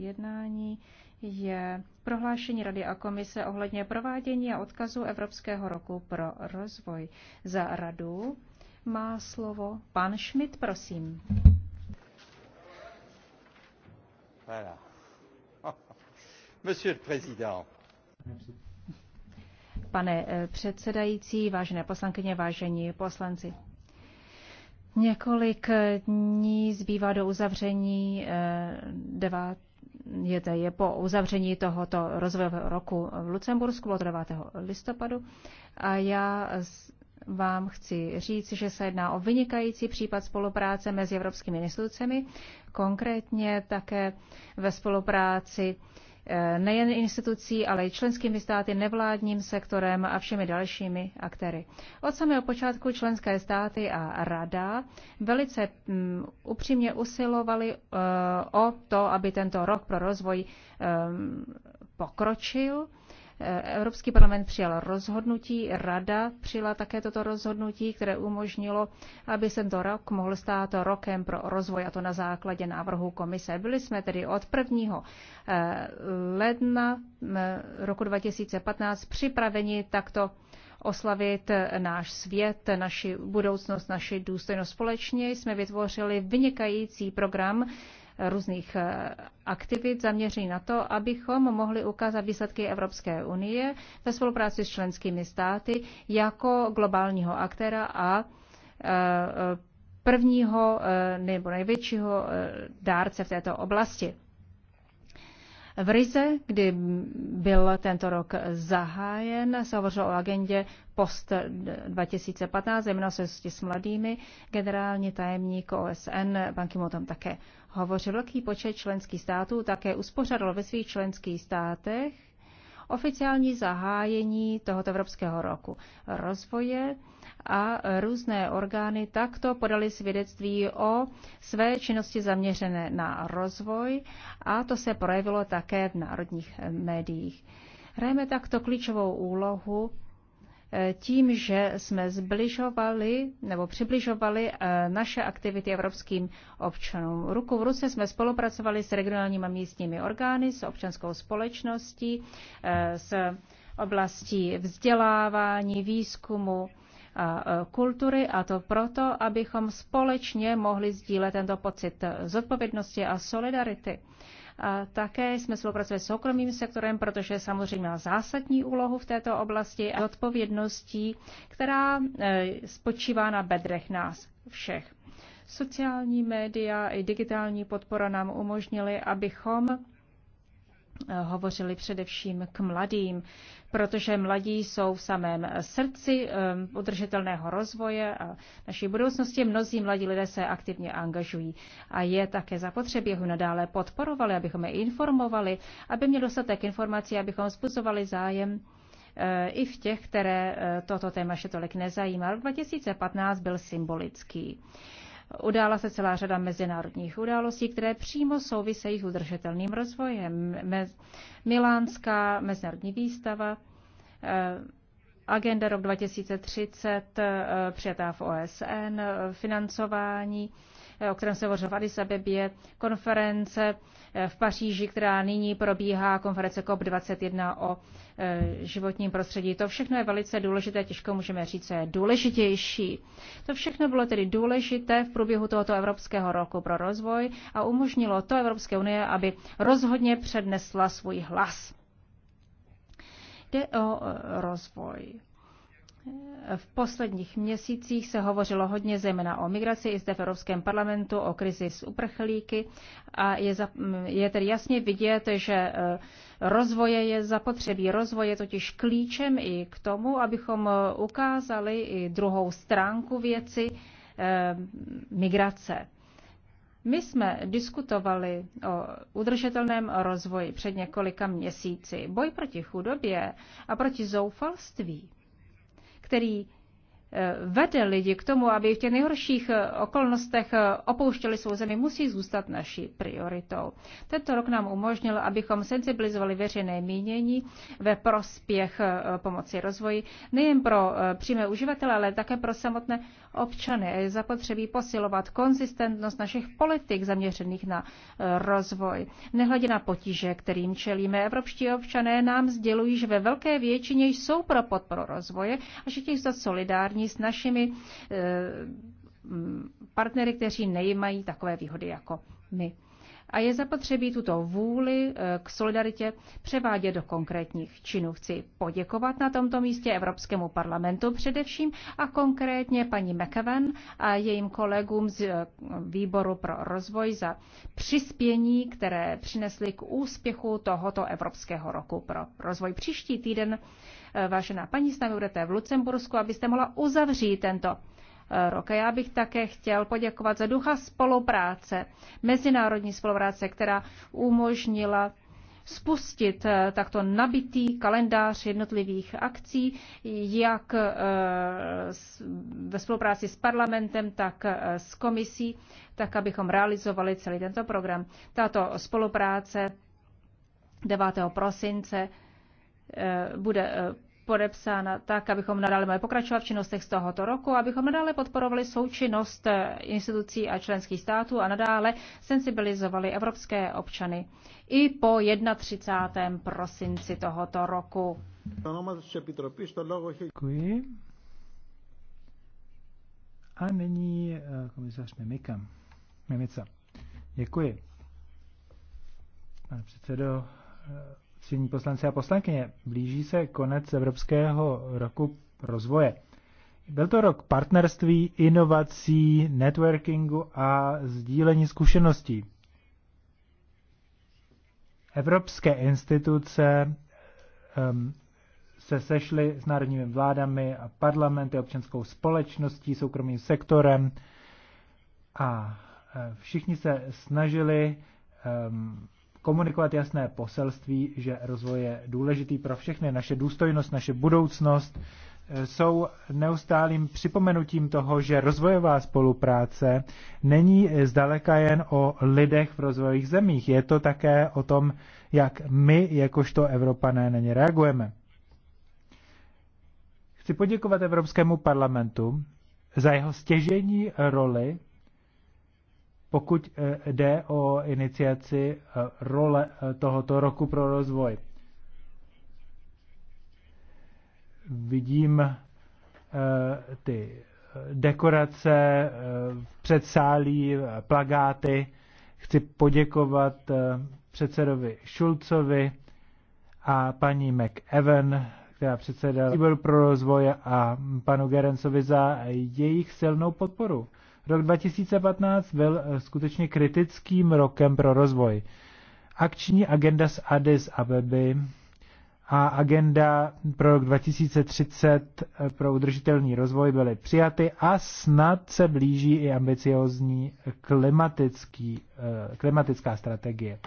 jednání je prohlášení Rady a komise ohledně provádění a odkazu Evropského roku pro rozvoj. Za radu má slovo pan Schmidt, prosím. Voilà. Monsieur le Président. Pane eh, předsedající, vážené poslankyně, vážení poslanci. Několik eh, dní zbývá do uzavření eh, devát, je, to, je po uzavření tohoto rozvojového roku v Lucembursku, od 9. listopadu. A já vám chci říct, že se jedná o vynikající případ spolupráce mezi evropskými institucemi, konkrétně také ve spolupráci Eh, nejen institucí, ale i členskými státy, nevládním sektorem a všemi dalšími aktéry. Od samého počátku členské státy a rada velice mm, upřímně usilovali eh, o to, aby tento rok pro rozvoj eh, pokročil Evropský parlament přijal rozhodnutí, Rada přijala také toto rozhodnutí, které umožnilo, aby se tento rok mohl stát rokem pro rozvoj, a to na základě návrhu komise. Byli jsme tedy od 1. Eh, ledna eh, roku 2015 připraveni takto oslavit eh, náš svět, naši budoucnost, naši důstojnost. Společně jsme vytvořili vynikající program, různých eh, aktivit zaměřených na to, abychom mohli ukázat výsledky Evropské unie ve spolupráci s členskými státy jako globálního aktéra a eh, eh, prvního nebo největšího dárce v této oblasti. V Rize, kdy byl tento rok zahájen, se hovořilo o agendě post 2015, zejména se s mladými. Generální tajemník OSN Banky mu tam také hovořil. Velký počet členských států také uspořádalo ve svých členských státech oficiální zahájení tohoto Evropského roku rozvoje a různé orgány takto podali svědectví o své činnosti zaměřené na rozvoj a to se projevilo také v národních médiích. Hrajeme takto klíčovou úlohu eh, tím, že jsme zbližovali nebo přibližovali eh, naše aktivity evropským občanům. Ruku v ruce jsme spolupracovali s regionálními a místními orgány, s občanskou společností, eh, s oblastí vzdělávání, výzkumu a kultury a to proto, abychom společně mohli sdílet tento pocit zodpovědnosti a solidarity. A také jsme spolupracovali s soukromým sektorem, protože samozřejmě má zásadní úlohu v této oblasti a odpovědností, která e, spočívá na bedrech nás všech. Sociální média i digitální podpora nám umožnily, abychom hovořili především k mladým, protože mladí jsou v samém srdci um, udržitelného rozvoje a naší budoucnosti. Mnozí mladí lidé se aktivně angažují a je také zapotřebí, ho nadále podporovali, abychom je informovali, aby měli dostatek informací, abychom způsobovali zájem eh, i v těch, které eh, toto téma ještě tolik nezajímá. Rok 2015 byl symbolický. Udála se celá řada mezinárodních událostí, které přímo souvisejí s udržitelným rozvojem. Milánská mezinárodní výstava, eh, agenda rok 2030 eh, přijatá v OSN, eh, financování o kterém se hovořil v Addis Abebě, konference eh, v Paříži, která nyní probíhá, konference COP21 o eh, životním prostředí. To všechno je velice důležité, těžko můžeme říct, co je důležitější. To všechno bylo tedy důležité v průběhu tohoto Evropského roku pro rozvoj a umožnilo to Evropské unie, aby rozhodně přednesla svůj hlas. Jde o eh, rozvoj v posledních měsících se hovořilo hodně zejména o migraci i zde v Evropském parlamentu, o krizi s uprchlíky a je, za, je tedy jasně vidět, že eh, rozvoje je zapotřebí. Rozvoje totiž klíčem i k tomu, abychom eh, ukázali i druhou stránku věci eh, migrace. My jsme diskutovali o udržitelném rozvoji před několika měsíci. Boj proti chudobě a proti zoufalství který Eh, vede lidi k tomu, aby v těch nejhorších eh, okolnostech eh, opouštěli svou zemi, musí zůstat naší prioritou. Tento rok nám umožnil, abychom sensibilizovali veřejné mínění ve prospěch pomoci rozvoji, nejen pro přímé uživatele, ale také pro samotné občany. Je zapotřebí posilovat konzistentnost našich politik zaměřených na rozvoj. Nehledě na potíže, kterým čelíme, evropští občané nám sdělují, že ve velké většině jsou pro podporu rozvoje a že těch za solidární jedni s našimi eh, mm, partnery, kteří nejmají takové výhody jako my. A je zapotřebí tuto vůli eh, k solidaritě převádět do konkrétních činů. Chci poděkovat na tomto místě Evropskému parlamentu především a konkrétně paní McEwen a jejím kolegům z eh, Výboru pro rozvoj za přispění, které přinesly k úspěchu tohoto Evropského roku pro rozvoj. Příští týden Eh, vážená paní, s námi budete v Lucembursku, abyste mohla uzavřít tento eh, rok. A já bych také chtěl poděkovat za ducha spolupráce, mezinárodní spolupráce, která umožnila spustit eh, takto nabitý kalendář jednotlivých akcí, jak ve spolupráci s parlamentem, tak s komisí, tak abychom realizovali celý tento program. Tato spolupráce 9. prosince Eh, bude eh, podepsána tak, abychom nadále mohli pokračovat v činnostech z tohoto roku, abychom nadále podporovali součinnost eh, institucí a členských států a nadále sensibilizovali evropské občany i po 31. prosinci tohoto roku. Děkuji. A nyní komisař Mimika. Mimica. Děkuji. Pane předsedo, ctění poslanci a poslankyně, blíží se konec Evropského roku rozvoje. Byl to rok partnerství, inovací, networkingu a sdílení zkušeností. Evropské instituce um, se sešly s národními vládami a parlamenty, občanskou společností, soukromým sektorem a eh, všichni se snažili um, komunikovat jasné poselství, že rozvoj je důležitý pro všechny. Naše důstojnost, naše budoucnost eh, jsou neustálým připomenutím toho, že rozvojová spolupráce není eh, zdaleka jen o lidech v rozvojových zemích. Je to také o tom, jak my, jakožto Evropané, na ně reagujeme. Chci poděkovat Evropskému parlamentu za jeho stěžení roli pokud eh, jde o iniciaci eh, role eh, tohoto roku pro rozvoj. Vidím ty dekorace v předsálí, plagáty. Chci poděkovat předsedovi Šulcovi a paní McEwen, která předsedala výboru pro rozvoj a panu Gerencovi za jejich silnou podporu. Rok 2015 byl eh, skutečně kritickým rokem pro rozvoj. Akční agenda z Addis Abeby a agenda pro rok 2030 eh, pro udržitelný rozvoj byly přijaty a snad se blíží i ambiciozní klimatický, eh, klimatická strategie.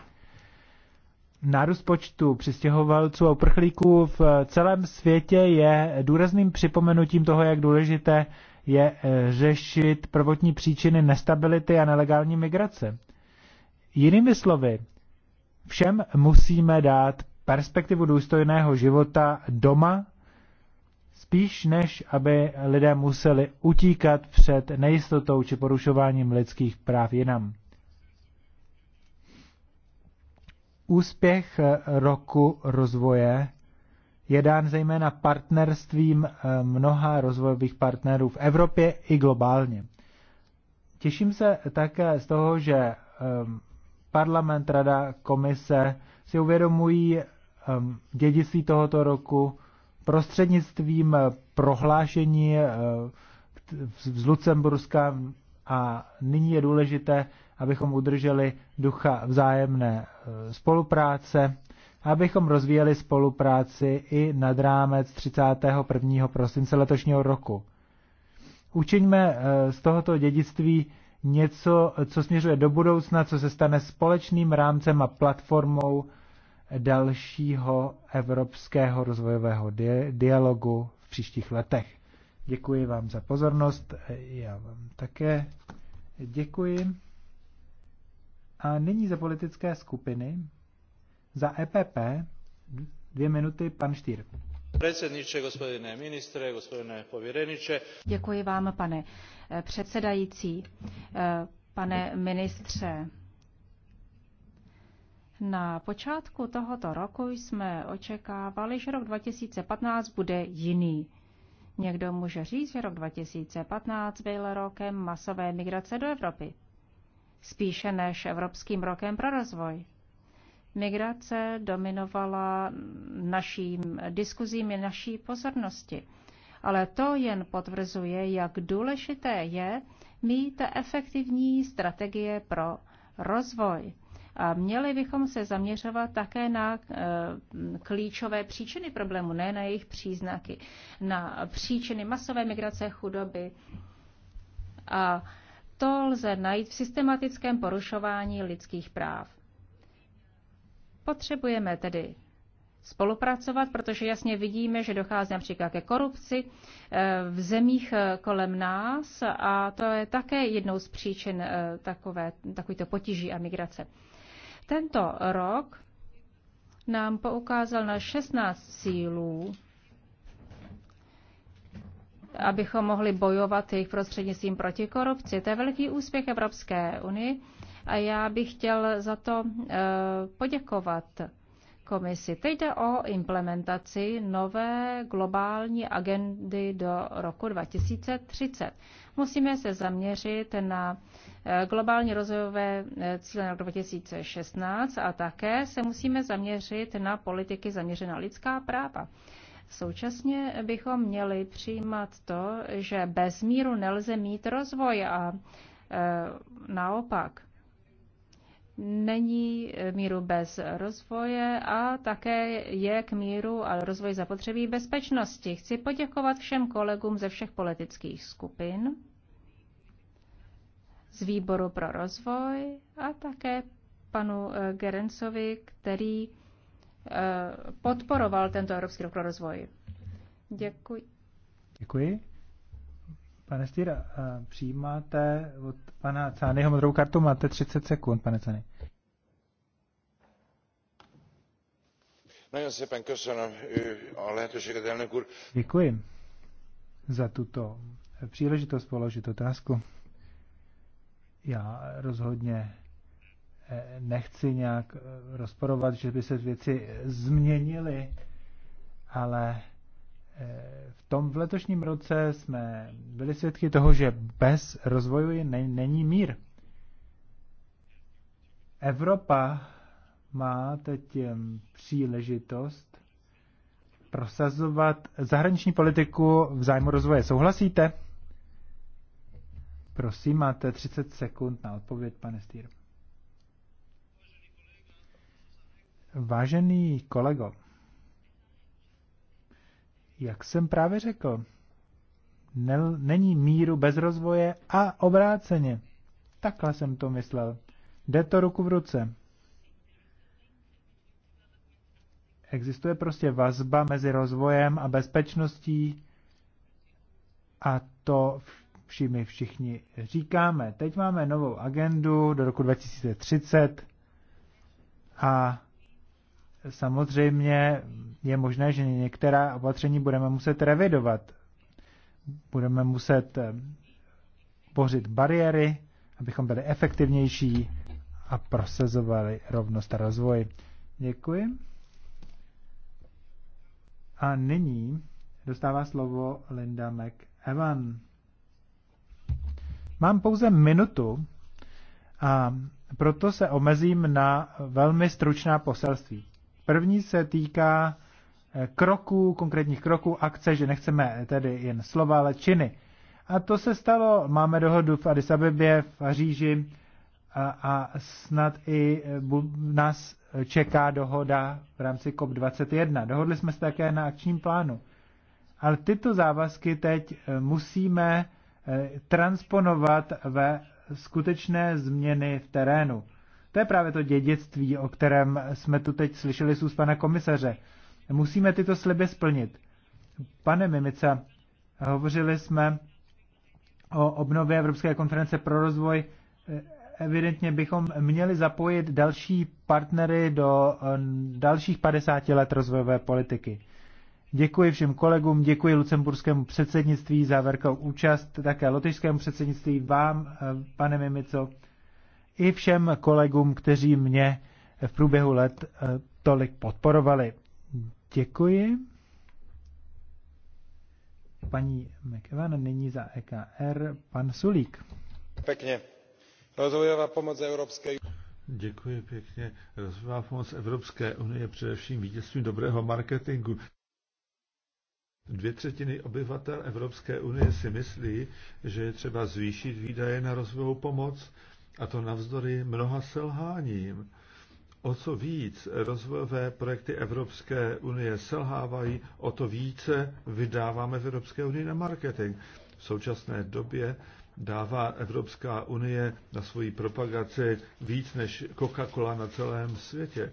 Nárůst počtu přistěhovalců a uprchlíků v celém světě je důrazným připomenutím toho, jak důležité je eh, řešit prvotní příčiny nestability a nelegální migrace. Jinými slovy, všem musíme dát perspektivu důstojného života doma, spíš než aby lidé museli utíkat před nejistotou či porušováním lidských práv jinam. Úspěch eh, roku rozvoje je dán zejména partnerstvím eh, mnoha rozvojových partnerů v Evropě i globálně. Těším se také z toho, že ehm, parlament, rada, komise si uvědomují ehm, dědictví tohoto roku prostřednictvím eh, prohlášení eh, z Lucemburska a nyní je důležité, abychom udrželi ducha vzájemné spolupráce abychom rozvíjeli spolupráci i nad rámec 31. prosince letošního roku. Učiňme eh, z tohoto dědictví něco, co směřuje do budoucna, co se stane společným rámcem a platformou dalšího evropského rozvojového di- dialogu v příštích letech. Děkuji vám za pozornost, eh, já vám také děkuji. A nyní za politické skupiny. Za EPP dvě minuty pan Štýr. Předsedniče, gospodine ministre, gospodine pověreniče. Děkuji vám, pane eh, předsedající. Eh, pane ministře, na počátku tohoto roku jsme očekávali, že rok 2015 bude jiný. Někdo může říct, že rok 2015 byl rokem masové migrace do Evropy, spíše než Evropským rokem pro rozvoj. Migrace dominovala naším diskuzím i naší pozornosti. Ale to jen potvrzuje, jak důležité je mít efektivní strategie pro rozvoj. A měli bychom se zaměřovat také na eh, klíčové příčiny problému, ne na jejich příznaky, na příčiny masové migrace, chudoby. A to lze najít v systematickém porušování lidských práv. Potřebujeme tedy spolupracovat, protože jasně vidíme, že dochází například ke korupci eh, v zemích eh, kolem nás a to je také jednou z příčin eh, takové, takovýto potíží a migrace. Tento rok nám poukázal na 16 cílů, abychom mohli bojovat jejich prostřednictvím proti korupci. To je velký úspěch Evropské unie a já bych chtěl za to eh, poděkovat komisi. Teď jde o implementaci nové globální agendy do roku 2030. Musíme se zaměřit na eh, globální rozvojové eh, cíle na rok 2016 a také se musíme zaměřit na politiky zaměřená lidská práva. Současně bychom měli přijímat to, že bez míru nelze mít rozvoj a e, naopak není míru bez rozvoje a také je k míru a rozvoji zapotřebí bezpečnosti. Chci poděkovat všem kolegům ze všech politických skupin, z výboru pro rozvoj a také panu eh, Gerencovi, který eh, podporoval tento Evropský rok pro rozvoj. Děkuji. Děkuji. Pane Stýra, eh, přijímáte od pana Cányho modrou kartu, máte 30 sekund, pane Cány. Děkuji za tuto příležitost položit otázku. Já rozhodně e, nechci nějak e, rozporovat, že by se věci změnily, ale e, v tom v letošním roce jsme byli svědky toho, že bez rozvoje není mír. Evropa má teď příležitost prosazovat zahraniční politiku v zájmu rozvoje. Souhlasíte? Prosím, máte 30 sekund na odpověď, pane Stýr. Vážený kolego, jak jsem právě řekl, nel, není míru bez rozvoje a obráceně. Takhle jsem to myslel. Jde to ruku v ruce. Existuje prostě vazba mezi rozvojem a bezpečností a to všimi všichni říkáme. Teď máme novou agendu do roku 2030 a samozřejmě je možné, že některá opatření budeme muset revidovat. Budeme muset eh, bořit bariéry, abychom byli efektivnější a prosazovali rovnost a rozvoj. Děkuji. A nyní dostává slovo Linda McEvan. Mám pouze minutu a proto se omezím na velmi stručná poselství. První se týká eh, kroků, konkrétních kroků, akce, že nechceme eh, tedy jen slova, ale činy. A to se stalo, máme dohodu v Addis Abebě, v Paříži a, a snad i eh, bu, nás čeká dohoda v rámci COP21. Dohodli jsme se také na akčním plánu. Ale tyto závazky teď eh, musíme eh, transponovat ve skutečné změny v terénu. To je právě to dědictví, o kterém jsme tu teď slyšeli z úst pana komisaře. Musíme tyto sliby splnit. Pane mimice, hovořili jsme o obnově Evropské konference pro rozvoj eh, evidentně bychom měli zapojit další partnery do eh, dalších 50 let rozvojové politiky. Děkuji všem kolegům, děkuji lucemburskému předsednictví za velkou účast, také lotyšskému předsednictví, vám, eh, pane Mimico, i všem kolegům, kteří mě v průběhu let eh, tolik podporovali. Děkuji. Paní McEvan, nyní za EKR pan Sulík. Pěkně Rozvojová pomoc Evropské Děkuji pěkně. Rozvojová pomoc Evropské unie především vítězstvím dobrého marketingu. Dvě třetiny obyvatel Evropské unie si myslí, že je třeba zvýšit výdaje na rozvojovou pomoc, a to navzdory mnoha selháním. O co víc rozvojové projekty Evropské unie selhávají, o to více vydáváme v Evropské unii na marketing. V současné době dává Evropská unie na svoji propagaci víc než Coca-Cola na celém světě.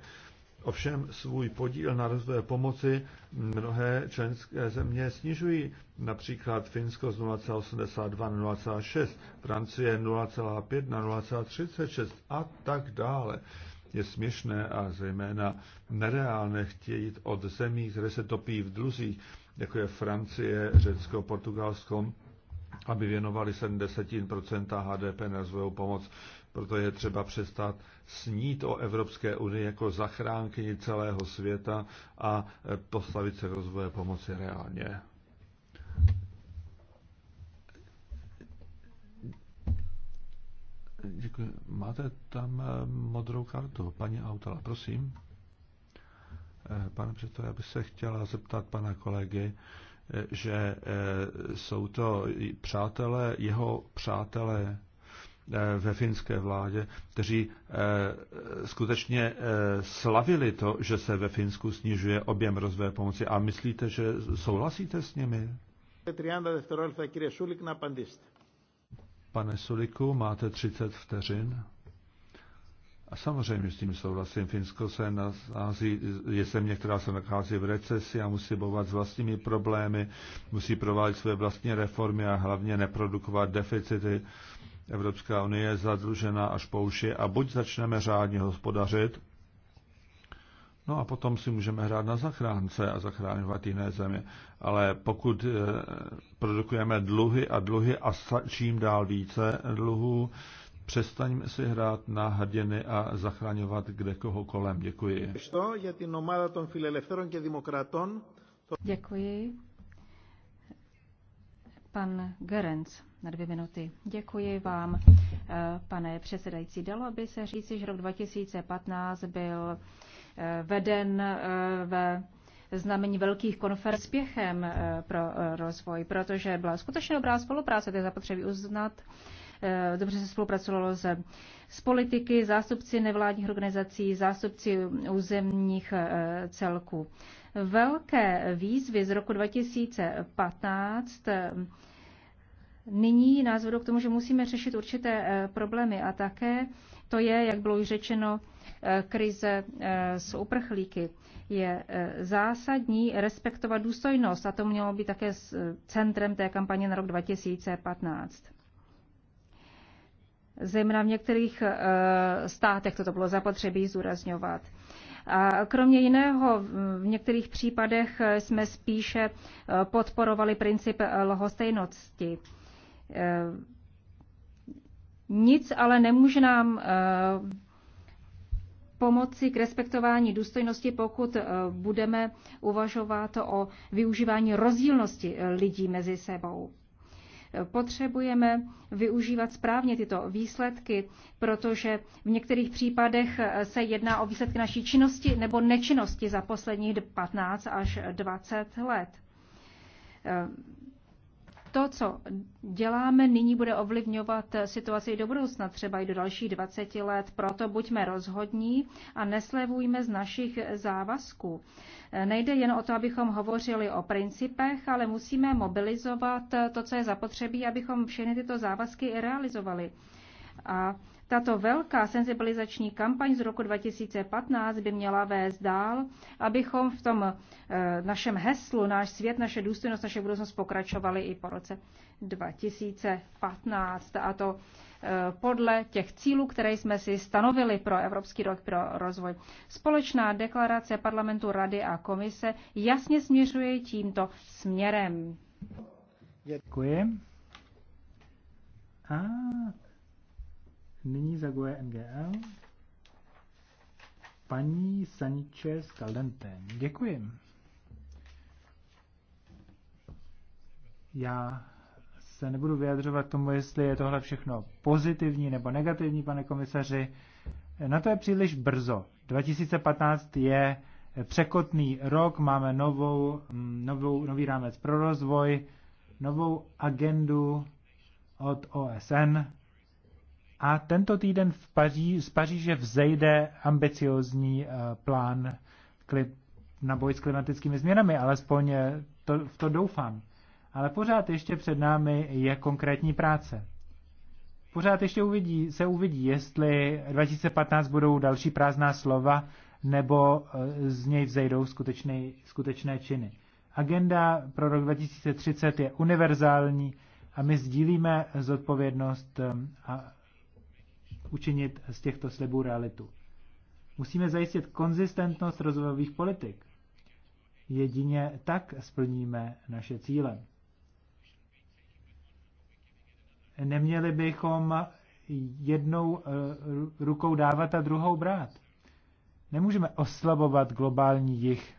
Ovšem svůj podíl na rozvoje pomoci mnohé členské země snižují, například Finsko z 0,82 na 0,6, Francie 0,5 na 0,36 a tak dále. Je směšné a zejména nereálné chtějit od zemí, které se topí v dluzích, jako je Francie, Řecko, Portugalsko, aby věnovali 70% HDP na rozvojovou pomoc. Proto je třeba přestat snít o Evropské unii jako zachránkyni celého světa a postavit se rozvoje pomoci reálně. Děkuji. Máte tam eh, modrou kartu, paní Autala, prosím. Eh, pane předsedo, já bych se chtěla zeptat pana kolegy, že eh, jsou to přátelé, jeho přátelé eh, ve finské vládě, kteří eh, skutečně slavili to, že se ve Finsku snižuje objem rozvoje pomoci. A myslíte, že souhlasíte s nimi? 30 Pane Suliku, máte 30 vteřin. A samozřejmě s tím souhlasím. Finsko se nachází, je země, která se nachází v recesi a musí bojovat s vlastními problémy, musí provádět své vlastní reformy a hlavně neprodukovat deficity. Evropská unie je zadlužená až po uši a buď začneme řádně hospodařit, No a potom si můžeme hrát na zachránce a zachráňovat jiné země. Ale pokud eh, produkujeme dluhy a dluhy a čím dál více dluhů, Přestaňme si hrát na hrdiny a zachraňovat kde koho kolem. Děkuji. Děkuji. Pan Gerenc na dvě minuty. Děkuji vám, eh, pane předsedající. Dalo by se říci, že rok 2015 byl eh, veden eh, ve znamení velkých konferencí spěchem pro rozvoj, protože byla skutečně dobrá spolupráce, to je zapotřebí uznat Eh, dobře se spolupracovalo se s politiky, zástupci nevládních organizací, zástupci územních eh, celků. Velké výzvy z roku 2015 eh, nyní nás vedou k tomu, že musíme řešit určité problémy a také to je, jak bylo už řečeno, krize s uprchlíky. Je zásadní respektovat důstojnost a to mělo být také centrem té kampaně na rok 2015. Zejména v některých eh, státech toto bylo zapotřebí zúrazňovat. A kromě jiného v některých případech eh, jsme spíše eh, podporovali princip lhostejnosti. Nic ale nemůže nám pomoci k respektování důstojnosti, pokud budeme uvažovat o využívání rozdílnosti lidí mezi sebou. Potřebujeme využívat správně tyto výsledky, protože v některých případech se jedná o výsledky naší činnosti nebo nečinnosti za posledních 15 až 20 let to, co děláme nyní, bude ovlivňovat situaci do budoucna, třeba i do dalších 20 let. Proto buďme rozhodní a neslevujme z našich závazků. Nejde jen o to, abychom hovořili o principech, ale musíme mobilizovat to, co je zapotřebí, abychom všechny tyto závazky i realizovali. A tato velká senzibilizační kampaň z roku 2015 by měla vést dál, abychom v tom eh, našem heslu Náš svět, naše důstojnost, naše budoucnost pokračovali i po roce 2015. A to eh, podle těch cílů, které jsme si stanovili pro Evropský rok pro rozvoj. Společná deklarace parlamentu Rady a komise jasně směřuje tímto směrem. Děkuji. A Nyní zagoje NGL. Paní Sanchez Caldente. Děkuji. Já se nebudu vyjadřovat tomu, jestli je tohle všechno pozitivní nebo negativní, pane komisaři. Na to je příliš brzo. 2015 je překotný rok, máme novou, novou, nový rámec pro rozvoj, novou agendu od OSN, a tento týden v Paří, z Paříže vzejde ambiciozní eh, plán na boj s klimatickými změnami, alespoň eh, to, v to doufám. Ale pořád ještě před námi je konkrétní práce. Pořád ještě uvidí, se uvidí, jestli 2015 budou další prázdná slova, nebo eh, z něj vzejdou skutečné, skutečné činy. Agenda pro rok 2030 je univerzální a my sdílíme zodpovědnost a učinit z těchto slibů realitu. Musíme zajistit konzistentnost rozvojových politik. Jedině tak splníme naše cíle. Neměli bychom jednou eh, rukou dávat a druhou brát. Nemůžeme oslabovat globální jich.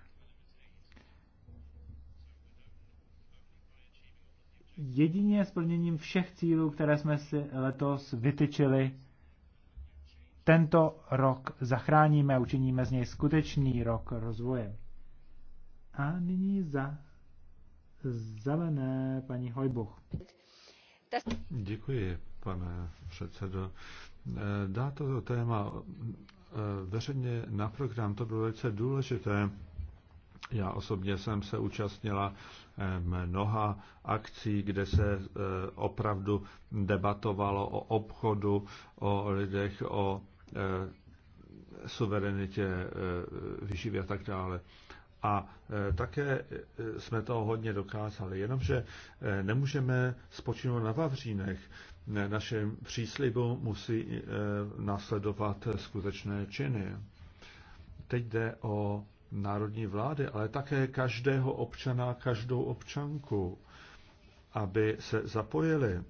Jedině splněním všech cílů, které jsme si letos vytyčili, tento rok zachráníme a učiníme z něj skutečný rok rozvoje. A nyní za zelené paní Hojbuch. Děkuji, pane předsedo. Dá toto téma eh, veřejně na program, to bylo velice důležité. Já osobně jsem se účastnila eh, mnoha akcí, kde se eh, opravdu debatovalo o obchodu, o lidech, o Eh, suverenitě eh, vyživy a tak dále. A eh, také jsme toho hodně dokázali, jenomže nemůžeme spočinout na Vavřínech. Našem příslibu musí následovat skutečné činy. Teď jde o národní vlády, ale také každého občana, každou občanku, aby se zapojili.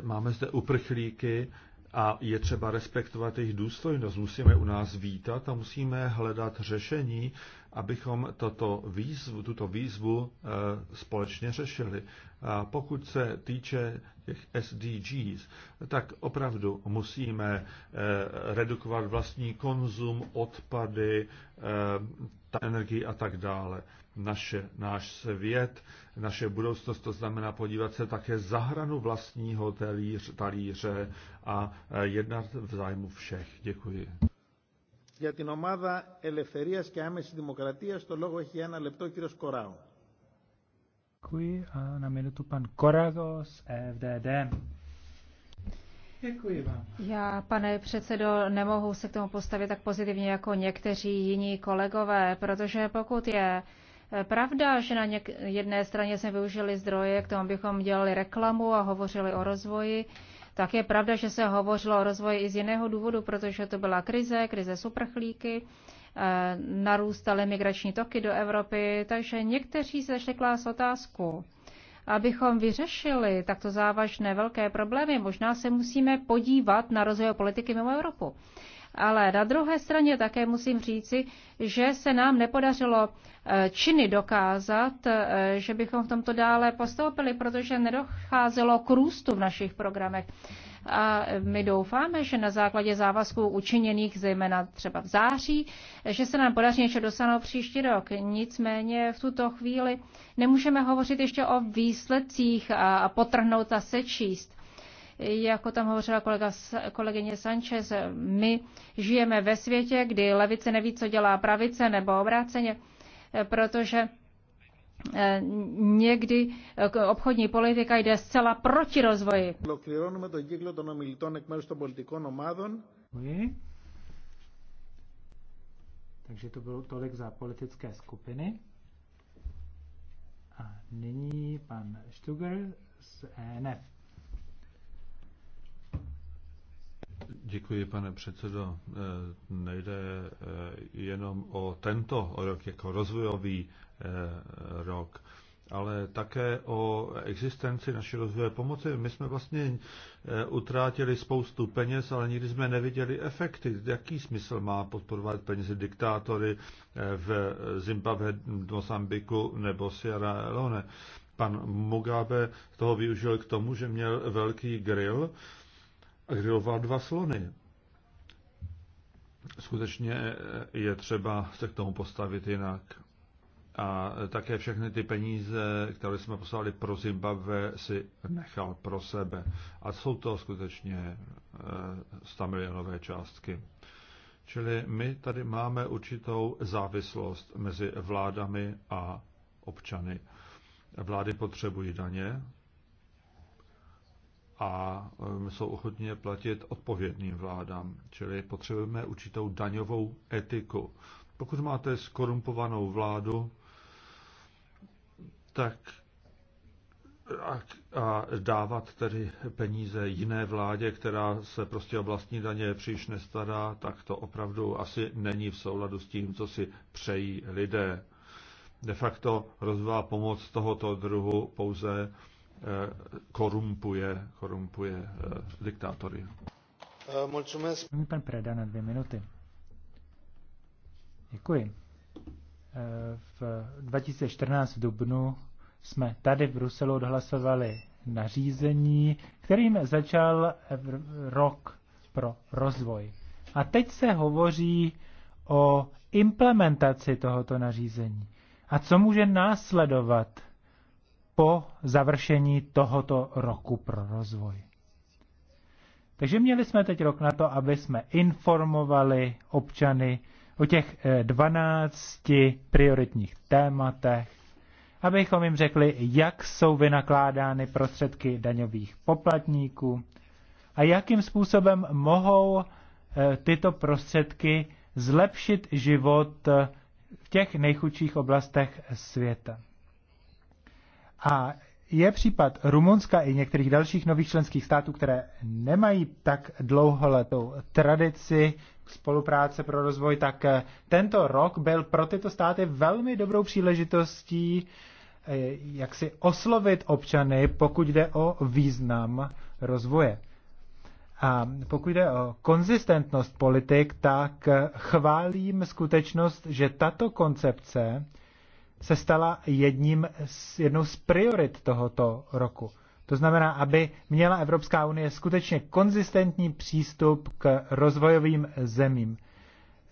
Máme zde uprchlíky, a je třeba respektovat jejich důstojnost. Musíme u nás vítat a musíme hledat řešení, abychom toto výzvu, tuto výzvu eh, společně řešili. A pokud se týče těch SDGs, tak opravdu musíme eh, redukovat vlastní konzum, odpady, eh, energii a tak dále naše, náš svět, naše budoucnost, to znamená podívat se také za hranu vlastního talíř, talíře a eh, jednat v zájmu všech. Děkuji. Για την ομάδα Ελευθερίας και Άμεσης Δημοκρατίας το λόγο έχει ένα λεπτό κύριο Κοράου. Děkuji a na minutu pan Koragos, FDD. Děkuji vám. Já, pane předsedo, nemohu se k tomu postavit tak pozitivně jako někteří jiní kolegové, protože pokud je pravda, že na něk- jedné straně jsme využili zdroje k tomu, abychom dělali reklamu a hovořili o rozvoji, tak je pravda, že se hovořilo o rozvoji i z jiného důvodu, protože to byla krize, krize suprchlíky, eh, narůstaly migrační toky do Evropy, takže někteří se začali klást otázku. Abychom vyřešili takto závažné velké problémy, možná se musíme podívat na rozvoj politiky mimo Evropu. Ale na druhé straně také musím říci, že se nám nepodařilo eh, činy dokázat, eh, že bychom v tomto dále postoupili, protože nedocházelo k růstu v našich programech. A my doufáme, že na základě závazků učiněných zejména třeba v září, že se nám podaří něco dosáhnout příští rok. Nicméně v tuto chvíli nemůžeme hovořit ještě o výsledcích a potrhnout a sečíst jako tam hovořila kolega, kolegyně Sanchez, my žijeme ve světě, kdy levice neví, co dělá pravice, nebo obráceně, protože eh, někdy eh, obchodní politika jde zcela proti rozvoji. Takže to bylo tolik za politické skupiny. A nyní pan Stuger z ENF. Děkuji, pane předsedo. Eh, nejde eh, jenom o tento rok jako rozvojový eh, rok, ale také o existenci naší rozvojové pomoci. My jsme vlastně utrátili spoustu peněz, ale nikdy jsme neviděli efekty. Jaký smysl má podporovat peníze diktátory v Zimbabwe, Mozambiku nebo Sierra Leone? Pan Mugabe toho využil k tomu, že měl velký grill, a griloval dva slony. Skutečně je třeba se k tomu postavit jinak. A také všechny ty peníze, které jsme poslali pro Zimbabwe, si nechal pro sebe. A jsou to skutečně 100 eh, milionové částky. Čili my tady máme určitou závislost mezi vládami a občany. Vlády potřebují daně, a um, jsou ochotně platit odpovědným vládám. Čili potřebujeme určitou daňovou etiku. Pokud máte skorumpovanou vládu, tak a, a dávat tedy peníze jiné vládě, která se prostě o vlastní daně příliš nestará, tak to opravdu asi není v souladu s tím, co si přejí lidé. De facto rozvá pomoc tohoto druhu pouze Eh, korumpuje, korumpuje eh, diktátory. Eh, mulțumesc. Pan Preda na dvě minuty. Děkuji. V 2014 v Dubnu jsme tady v Bruselu odhlasovali nařízení, kterým začal rok pro rozvoj. A teď se hovoří o implementaci tohoto nařízení. A co může následovat? po završení tohoto roku pro rozvoj. Takže měli jsme teď rok na to, aby jsme informovali občany o těch 12 eh, prioritních tématech, abychom jim řekli, jak jsou vynakládány prostředky daňových poplatníků a jakým způsobem mohou eh, tyto prostředky zlepšit život eh, v těch nejchudších oblastech světa. A je případ Rumunska i některých dalších nových členských států, které nemají tak dlouholetou tradici spolupráce pro rozvoj, tak eh, tento rok byl pro tyto státy velmi dobrou příležitostí eh, jak si oslovit občany, pokud jde o význam rozvoje. A pokud jde o konzistentnost politik, tak eh, chválím skutečnost, že tato koncepce se stala jedním z, jednou z priorit tohoto roku. To znamená, aby měla Evropská unie skutečně konzistentní přístup k rozvojovým zemím.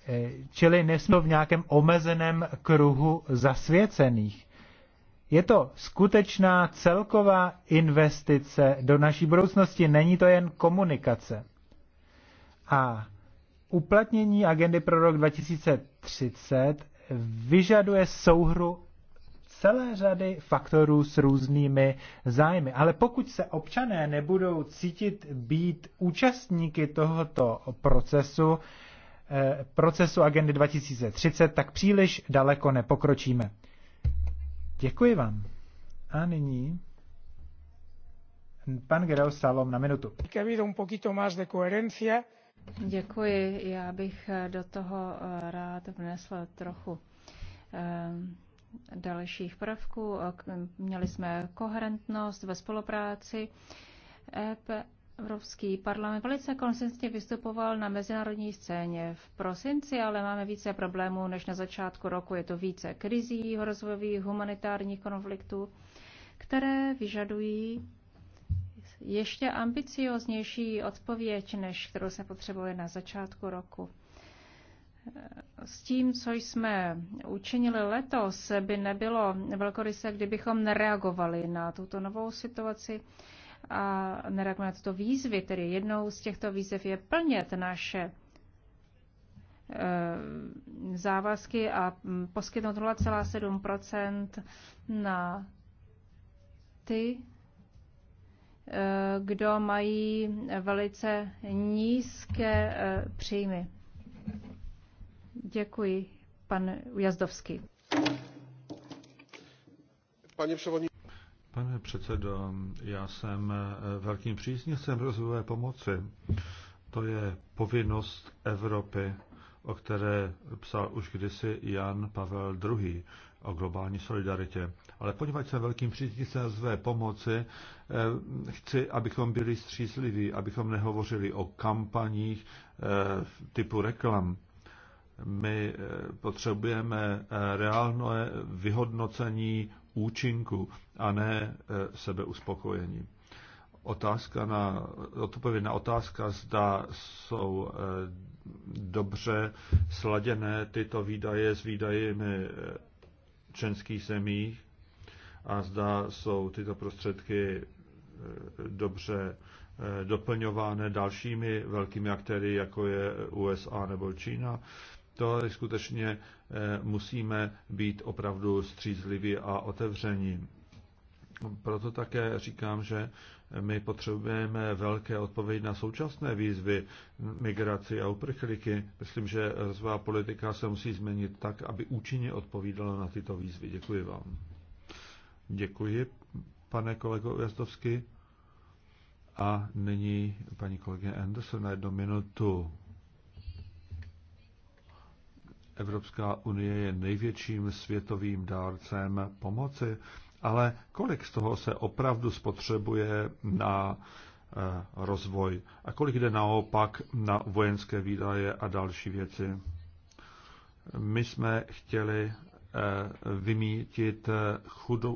E, čili nesmí v nějakém omezeném kruhu zasvěcených. Je to skutečná celková investice do naší budoucnosti, není to jen komunikace. A uplatnění agendy pro rok 2030 vyžaduje souhru celé řady faktorů s různými zájmy. Ale pokud se občané nebudou cítit být účastníky tohoto procesu, eh, procesu agendy 2030, tak příliš daleko nepokročíme. Děkuji vám. A nyní pan Gerald Salom na minutu. Que un poquito más de coherencia Děkuji. Já bych eh, do toho eh, rád vnesl trochu eh, dalších prvků. Měli jsme koherentnost ve spolupráci. EP, Evropský parlament velice konsistentně vystupoval na mezinárodní scéně. V prosinci ale máme více problémů než na začátku roku. Je to více krizí, rozvojových, humanitárních konfliktů, které vyžadují ještě ambicioznější odpověď, než kterou se potřebovali na začátku roku. S tím, co jsme učinili letos, by nebylo velkoryse, kdybychom nereagovali na tuto novou situaci a nereagovali na tuto výzvy. Tedy jednou z těchto výzev je plnět naše eh, závazky a mm, poskytnout 0,7 na ty Eh, kdo mají velice nízké eh, příjmy. Děkuji, pan Ujazdovský. Pane převodní... Pane předsedo, já jsem eh, velkým příznivcem rozvojové pomoci. To je povinnost Evropy, o které psal už kdysi Jan Pavel II o globální solidaritě. Ale poněvadž jsem velkým příznivcem své pomoci, eh, chci, abychom byli střízliví, abychom nehovořili o kampaních eh, typu reklam. My eh, potřebujeme reálné vyhodnocení účinku a ne sebeuspokojení otázka na, odpověď na otázka, zda jsou dobře sladěné tyto výdaje s výdajemi členských zemích a zda jsou tyto prostředky eh, dobře eh, doplňovány dalšími velkými aktéry, jako je USA nebo Čína. To skutečně eh, musíme být opravdu střízliví a otevření. Proto také říkám, že my potřebujeme velké odpovědi na současné výzvy migraci a uprchlíky. Myslím, že rozvá politika se musí změnit tak, aby účinně odpovídala na tyto výzvy. Děkuji vám. Děkuji, pane kolego Ujazdovsky. A nyní paní kolegyně Anderson na jednu minutu. Evropská unie je největším světovým dárcem pomoci ale kolik z toho se opravdu spotřebuje na eh, rozvoj a kolik jde naopak na vojenské výdaje a další věci. My jsme chtěli eh, vymítit eh,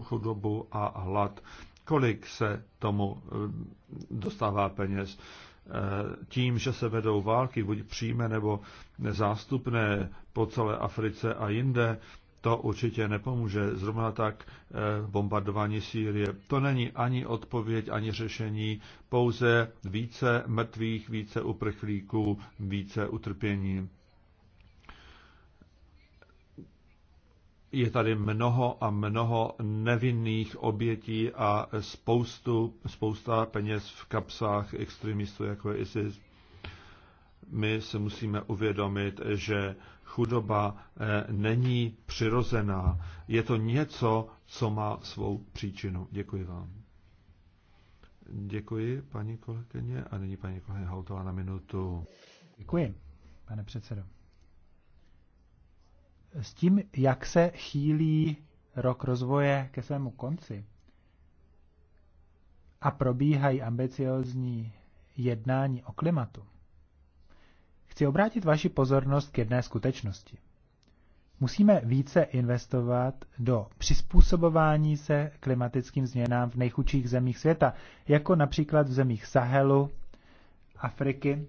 chudobu a hlad. Kolik se tomu dostává peněz? Tím, že se vedou války, buď přímé nebo zástupné po celé Africe a jinde, to určitě nepomůže. Zrovna tak eh, bombardování Sýrie. To není ani odpověď, ani řešení, pouze více mrtvých, více uprchlíků, více utrpění. Je tady mnoho a mnoho nevinných obětí a spoustu, spousta peněz v kapsách extremistů, jako je ISIS. My se musíme uvědomit, že chudoba eh, není přirozená. Je to něco, co má svou příčinu. Děkuji vám. Děkuji, paní kolegyně. A nyní paní kolegyně Hautová na minutu. Děkuji, pane předsedo. S tím, jak se chýlí rok rozvoje ke svému konci a probíhají ambiciozní jednání o klimatu, chci obrátit vaši pozornost k jedné skutečnosti. Musíme více investovat do přizpůsobování se klimatickým změnám v nejchudších zemích světa, jako například v zemích Sahelu, Afriky,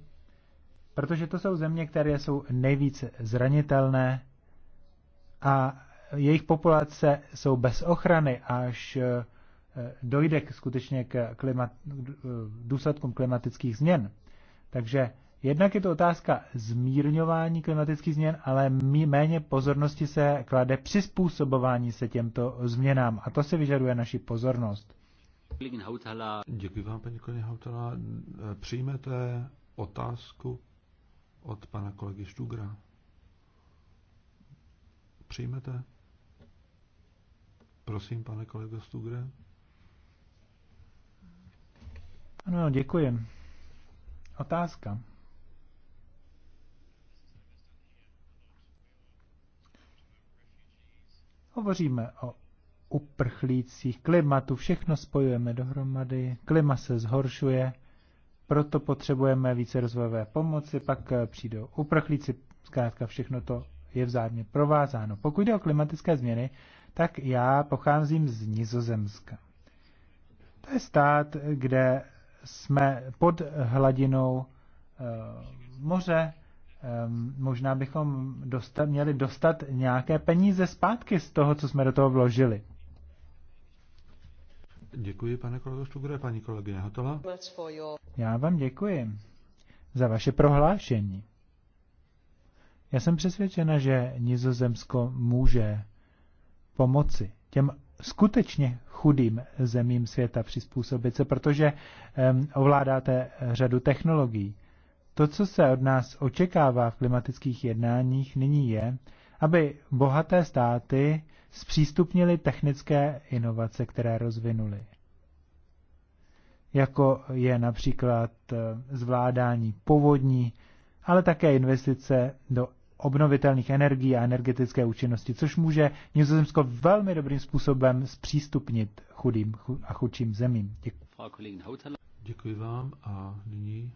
protože to jsou země, které jsou nejvíce zranitelné a jejich populace jsou bez ochrany, až eh, dojde k, skutečně k klimat, důsledkům klimatických změn. Takže Jednak je to otázka zmírňování klimatických změn, ale méně pozornosti se klade přizpůsobování se těmto změnám a to se vyžaduje naši pozornost. Děkuji vám, paní kolegyně Hautala. Přijmete otázku od pana kolegy Štugra? Přijmete? Prosím, pane kolego Stugre. Ano, děkuji. Otázka. Hovoříme o uprchlících, klimatu, všechno spojujeme dohromady, klima se zhoršuje, proto potřebujeme více rozvojové pomoci, pak eh, přijdou uprchlíci, zkrátka všechno to je vzájemně provázáno. Pokud jde o klimatické změny, tak já pocházím z Nizozemska. To je stát, kde jsme pod hladinou eh, moře, Ehm, možná bychom dostat, měli dostat nějaké peníze zpátky z toho, co jsme do toho vložili. Děkuji, pane kolego Štugre, paní kolegyně Hotová. Já vám děkuji za vaše prohlášení. Já jsem přesvědčena, že Nizozemsko může pomoci těm skutečně chudým zemím světa přizpůsobit se, protože um, ovládáte řadu technologií. To, co se od nás očekává v klimatických jednáních nyní je, aby bohaté státy zpřístupnily technické inovace, které rozvinuly. Jako je například eh, zvládání povodní, ale také investice do obnovitelných energií a energetické účinnosti, což může Nizozemsko velmi dobrým způsobem zpřístupnit chudým a chudším zemím. Děkuji. Děkuji vám a nyní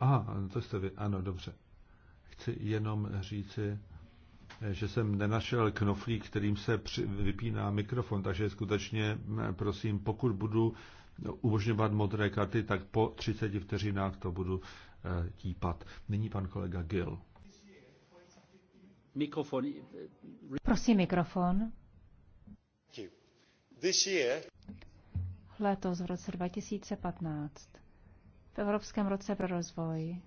Aha, to jste vy. Ano, dobře. Chci jenom říci, že jsem nenašel knoflík, kterým se při, vypíná mikrofon, takže skutečně, prosím, pokud budu umožňovat modré karty, tak po 30 vteřinách to budu eh, típat. Nyní pan kolega Gill. Mikrofon. Prosím, mikrofon. Letos v roce 2015 Evropském roce pro rozvoj,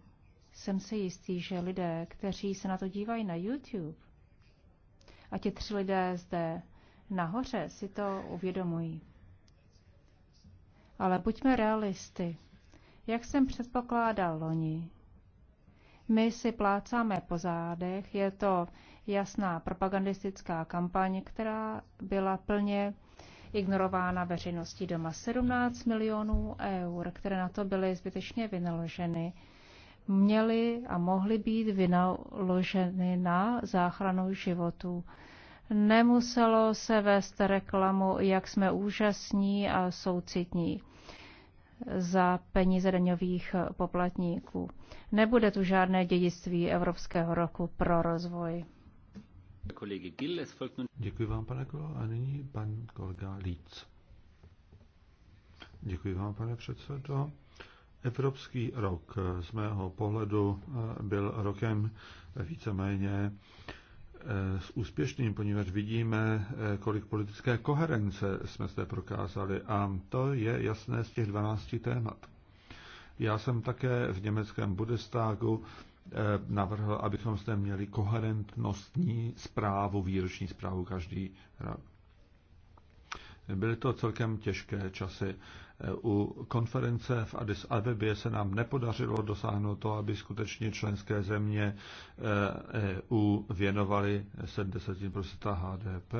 jsem si jistý, že lidé, kteří se na to dívají na YouTube, a ti tři lidé zde nahoře si to uvědomují. Ale buďme realisty. Jak jsem předpokládal loni, my si plácáme po zádech, je to jasná propagandistická kampaň, která byla plně ignorována veřejností doma. 17 milionů eur, které na to byly zbytečně vynaloženy, měly a mohly být vynaloženy na záchranu životů. Nemuselo se vést reklamu, jak jsme úžasní a soucitní za peníze daňových poplatníků. Nebude tu žádné dědictví Evropského roku pro rozvoj. Děkuji vám, pane Kolo. A nyní pan kolega Líc. Děkuji vám, pane předsedo. Evropský rok z mého pohledu eh, byl rokem víceméně eh, s úspěšným, poněvadž vidíme, eh, kolik politické koherence jsme zde prokázali a to je jasné z těch 12 témat. Já jsem také v německém Bundestagu Eh, navrhl, abychom zde měli koherentnostní zprávu, výroční zprávu každý rok. Byly to celkem těžké časy. Eh, u konference v Addis Abebě se nám nepodařilo dosáhnout to, aby skutečně členské země EU věnovaly 70% HDP.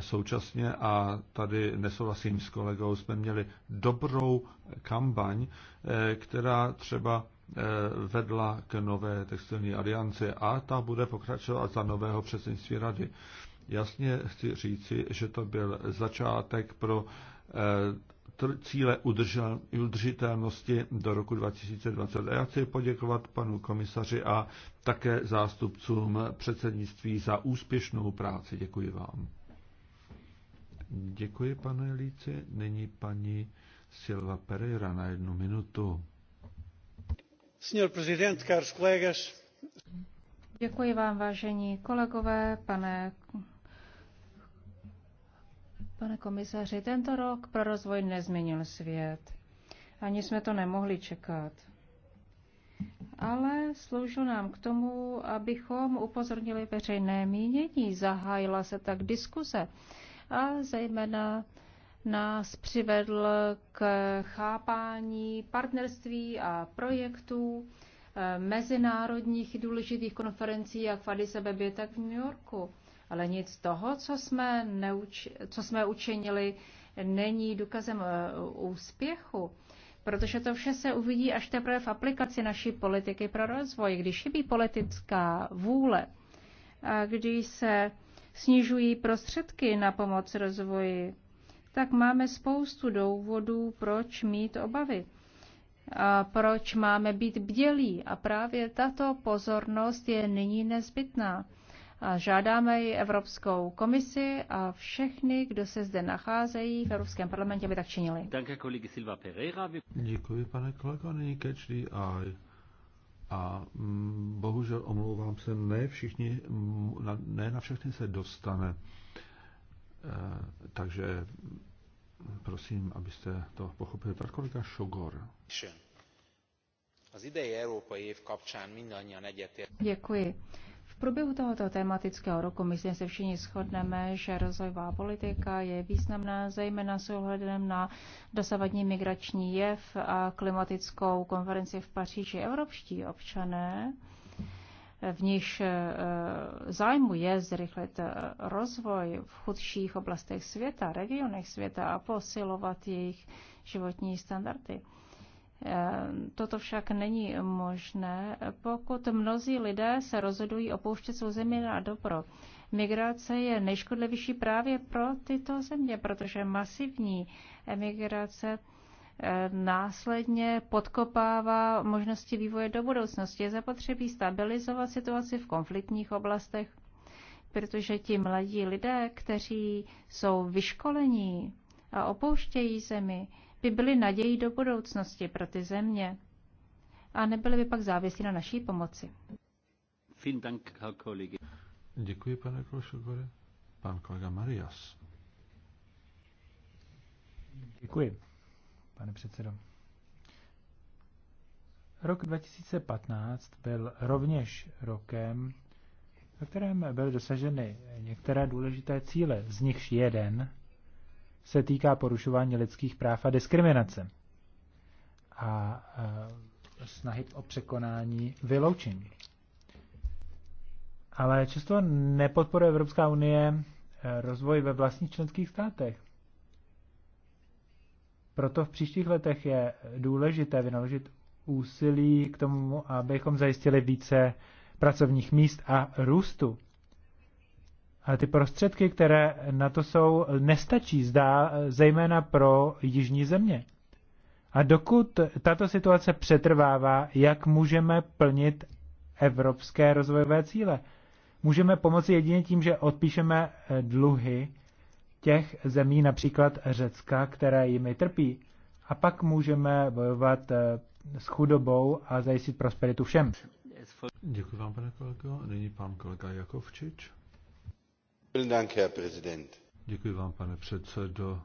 Současně, a tady nesouhlasím s kolegou, jsme měli dobrou kampaň, eh, která třeba Eh, vedla k nové textilní alianci a ta bude pokračovat za nového předsednictví rady. Jasně chci říci, že to byl začátek pro eh, cíle udržitelnosti do roku 2020. A já chci poděkovat panu komisaři a také zástupcům předsednictví za úspěšnou práci. Děkuji vám. Děkuji, pane Líci. Nyní paní Silva Pereira na jednu minutu. Děkuji vám, vážení kolegové, pane Pane komisaři, tento rok pro rozvoj nezměnil svět. Ani jsme to nemohli čekat. Ale sloužil nám k tomu, abychom upozornili veřejné mínění, zahájila se tak diskuze a zejména nás přivedl k chápání partnerství a projektů eh, mezinárodních důležitých konferencí, jak v Addis Abebě, tak v New Yorku. Ale nic z toho, co jsme, neuč- co jsme učinili, není důkazem eh, úspěchu, protože to vše se uvidí až teprve v aplikaci naší politiky pro rozvoj, když chybí politická vůle, a když se snižují prostředky na pomoc rozvoji tak máme spoustu důvodů, proč mít obavy. A proč máme být bdělí. A právě tato pozornost je nyní nezbytná. A žádáme ji Evropskou komisi a všechny, kdo se zde nacházejí v Evropském parlamentě, aby tak činili. Děkuji, pane kolego, nyní kečlí a, a mm, bohužel omlouvám se, ne, všichni, mm, ne na všechny se dostane. Eh, takže prosím, abyste to pochopili. Tak kolega Šogor. Děkuji. V průběhu tohoto tematického roku myslím se všichni shodneme, že rozvojová politika je významná zejména s ohledem na dosavadní migrační jev a klimatickou konferenci v Paříži. Evropští občané v níž eh, zájmu je zrychlit eh, rozvoj v chudších oblastech světa, regionech světa a posilovat jejich životní standardy. Eh, toto však není možné, pokud mnozí lidé se rozhodují opouštět svou zemi na dobro. Migrace je nejškodlivější právě pro tyto země, protože masivní emigrace následně podkopává možnosti vývoje do budoucnosti. Je zapotřebí stabilizovat situaci v konfliktních oblastech, protože ti mladí lidé, kteří jsou vyškolení a opouštějí zemi, by byli nadějí do budoucnosti pro ty země a nebyly by pak závislí na naší pomoci. Děkuji, pane profesore. Pan kolega Marias. Děkuji pane předsedo. Rok 2015 byl rovněž rokem, ve kterém byly dosaženy některé důležité cíle, z nichž jeden se týká porušování lidských práv a diskriminace a e, snahy o překonání vyloučení. Ale často nepodporuje Evropská unie e, rozvoj ve vlastních členských státech. Proto v příštích letech je důležité vynaložit úsilí k tomu, abychom zajistili více pracovních míst a růstu. Ale ty prostředky, které na to jsou, nestačí, zdá, zejména pro jižní země. A dokud tato situace přetrvává, jak můžeme plnit evropské rozvojové cíle? Můžeme pomoci jedině tím, že odpíšeme eh, dluhy těch zemí, například Řecka, které jimi trpí. A pak můžeme bojovat eh, s chudobou a zajistit prosperitu všem. Děkuji vám, pane kolego. Nyní pan kolega Jakovčič. Děkuji vám, pane předsedo.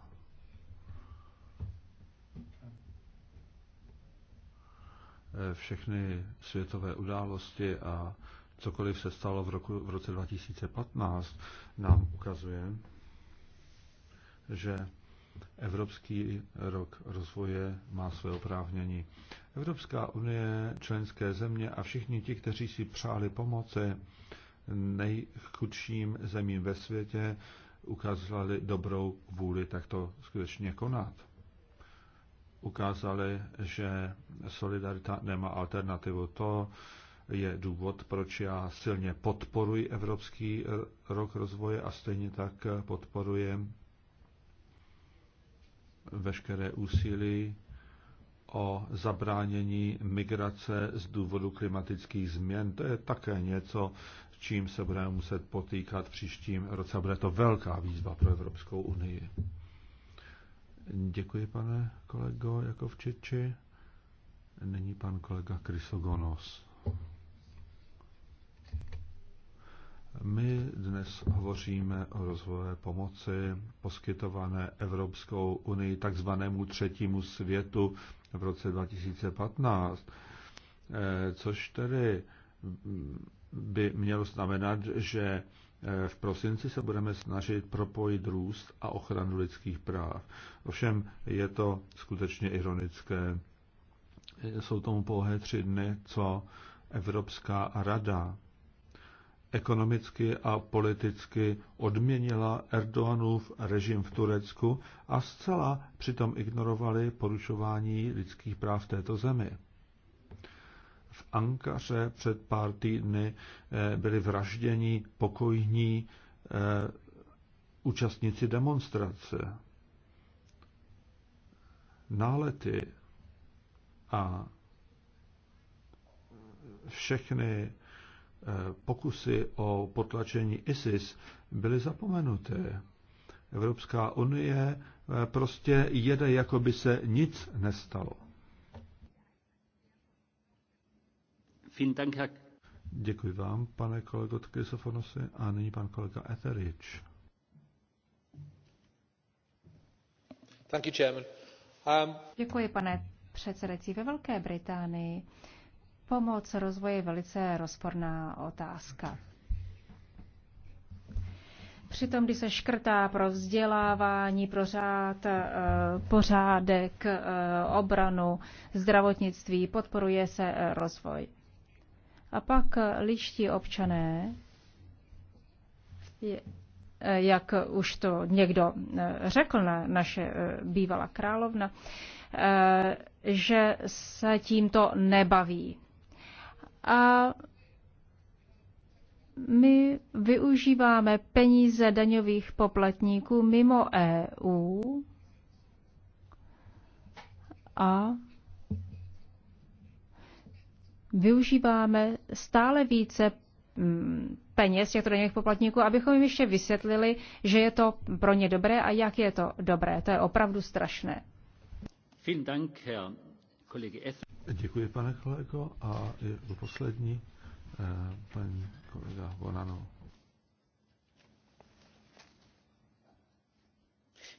Eh, všechny světové události a cokoliv se stalo v, roku, v roce 2015 nám ukazuje, že Evropský rok rozvoje má své oprávnění. Evropská unie, členské země a všichni ti, kteří si přáli pomoci nejchudším zemím ve světě, ukázali dobrou vůli takto skutečně konat. Ukázali, že solidarita nemá alternativu. To je důvod, proč já silně podporuji Evropský rok rozvoje a stejně tak podporuji veškeré úsilí o zabránění migrace z důvodu klimatických změn. To je také něco, s čím se budeme muset potýkat v příštím roce. Bude to velká výzva pro Evropskou unii. Děkuji, pane kolego Jakovčiči. Není pan kolega Krysogonos. My dnes hovoříme o rozvojové pomoci poskytované Evropskou unii takzvanému třetímu světu v roce 2015, eh, což tedy mm, by mělo znamenat, že eh, v prosinci se budeme snažit propojit růst a ochranu lidských práv. Ovšem je to skutečně ironické. Eh, jsou tomu pouhé tři dny, co Evropská rada ekonomicky a politicky odměnila Erdoganův režim v Turecku a zcela přitom ignorovali porušování lidských práv této zemi. V Ankaře před pár týdny eh, byli vražděni pokojní eh, účastníci demonstrace. Nálety a všechny Eh, pokusy o potlačení ISIS byly zapomenuté. Evropská unie eh, prostě jede, jako by se nic nestalo. Děkuji vám, pane kolego Krysofonosi, a nyní pan kolega Etheridge. Um, Děkuji, pane předsedající. Ve Velké Británii Pomoc rozvoji je velice rozporná otázka. Přitom, když se škrtá pro vzdělávání, pro řád, eh, pořádek, eh, obranu, zdravotnictví, podporuje se eh, rozvoj. A pak liští občané, jak už to někdo řekl, na naše bývalá královna, že se tímto nebaví a my využíváme peníze daňových poplatníků mimo EU a využíváme stále více mm, peněz těchto daňových poplatníků, abychom jim ještě vysvětlili, že je to pro ně dobré a jak je to dobré. To je opravdu strašné. Vielen Dank, Herr Děkuji, pane kolego. A jako poslední eh, paní kolega Bonano.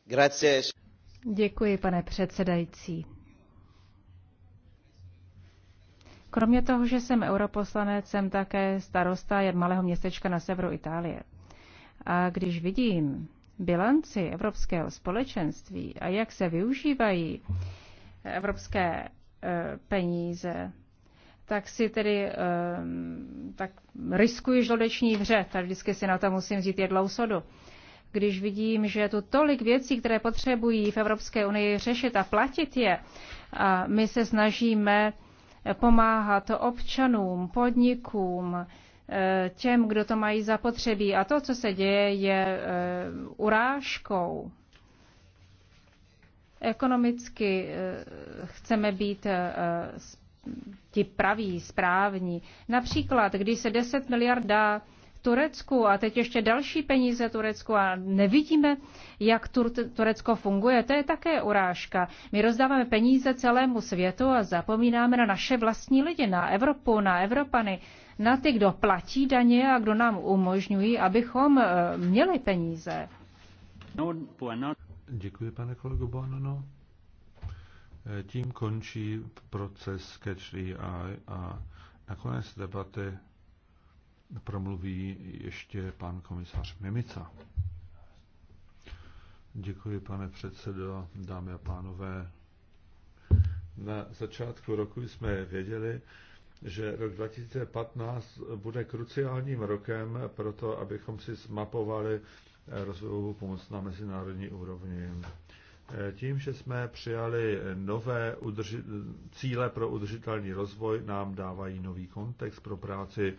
Grazie. Děkuji, pane předsedající. Kromě toho, že jsem europoslanec, jsem také starosta malého městečka na severu Itálie. A když vidím bilanci Evropského společenství a jak se využívají evropské Eh, peníze, tak si tedy eh, tak riskuji žlodeční vřet a vždycky si na to musím vzít jedlou sodu. Když vidím, že je tu tolik věcí, které potřebují v Evropské unii řešit a platit je, a my se snažíme pomáhat občanům, podnikům, eh, těm, kdo to mají zapotřebí. A to, co se děje, je urážkou Ekonomicky eh, chceme být eh, ti praví, správní. Například, když se 10 miliard dá Turecku a teď ještě další peníze Turecku a nevidíme, jak Turecko funguje. To je také urážka. My rozdáváme peníze celému světu a zapomínáme na naše vlastní lidi, na Evropu, na Evropany, na ty, kdo platí daně a kdo nám umožňují, abychom eh, měli peníze. No, no. Děkuji, pane kolego Bonono. Eh, tím končí proces Catch the Eye a nakonec debaty promluví ještě pan komisař Mimica. Děkuji, pane předsedo, dámy a pánové. Na začátku roku jsme věděli, že rok 2015 bude kruciálním rokem pro to, abychom si zmapovali rozvojovou pomoc na mezinárodní úrovni. Eh, tím, že jsme přijali nové udrži- cíle pro udržitelný rozvoj, nám dávají nový kontext pro práci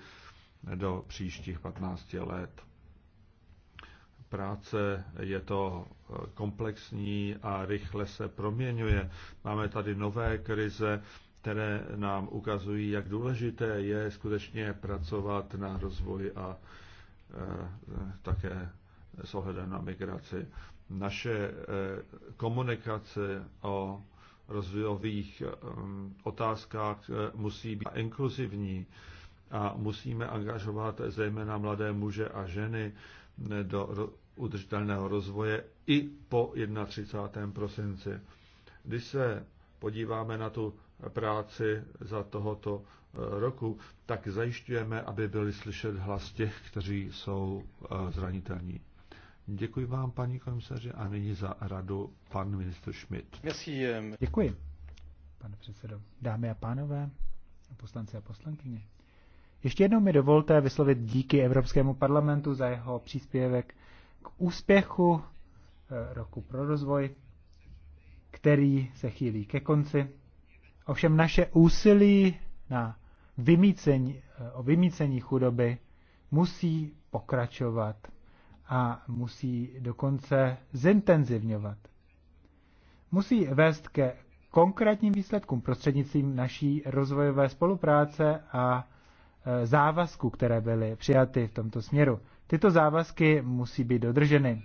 do příštích 15 let. Práce je to eh, komplexní a rychle se proměňuje. Máme tady nové krize, které nám ukazují, jak důležité je skutečně pracovat na rozvoji a e, také s ohledem na migraci. Naše eh, komunikace o rozvojových ehm, otázkách eh, musí být inkluzivní a musíme angažovat zejména mladé muže a ženy eh, do udržitelného rozvoje i po 31. prosinci. Když se podíváme na tu práci za tohoto roku, tak zajišťujeme, aby byli slyšet hlas těch, kteří jsou zranitelní. Děkuji vám, paní komisaři, a nyní za radu pan ministr Schmidt. Eh, Děkuji, pane předsedo. Dámy a pánové, poslanci a poslankyně. Ještě jednou mi dovolte vyslovit díky Evropskému parlamentu za jeho příspěvek k úspěchu eh, roku pro rozvoj, který se chýlí ke konci. Ovšem naše úsilí na vymícení, eh, o vymícení chudoby musí pokračovat a musí dokonce zintenzivňovat. Musí vést ke konkrétním výsledkům prostřednictvím naší rozvojové spolupráce a e, závazků, které byly přijaty v tomto směru. Tyto závazky musí být dodrženy.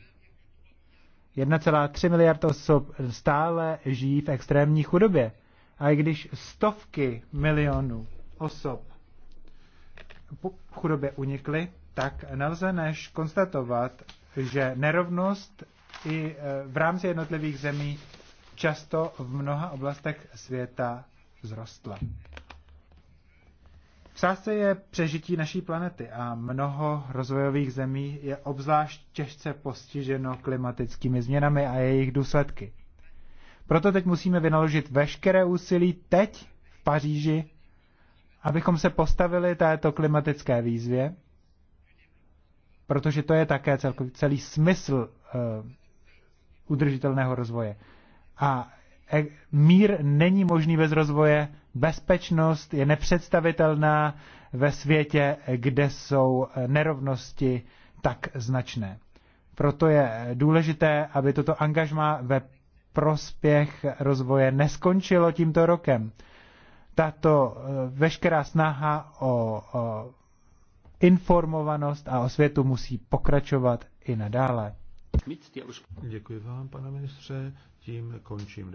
1,3 miliard osob stále žijí v extrémní chudobě. A i když stovky milionů osob v chudobě unikly, tak nelze než konstatovat, že nerovnost i e, v rámci jednotlivých zemí často v mnoha oblastech světa vzrostla. V sásce je přežití naší planety a mnoho rozvojových zemí je obzvlášť těžce postiženo klimatickými změnami a jejich důsledky. Proto teď musíme vynaložit veškeré úsilí teď v Paříži, abychom se postavili této klimatické výzvě protože to je také celkový, celý smysl uh, udržitelného rozvoje. A eh, mír není možný bez rozvoje, bezpečnost je nepředstavitelná ve světě, kde jsou eh, nerovnosti tak značné. Proto je důležité, aby toto angažma ve prospěch rozvoje neskončilo tímto rokem. Tato veškerá snaha o, o Informovanost a osvětu musí pokračovat i nadále. Děkuji vám, pane ministře. Tím končím debatu.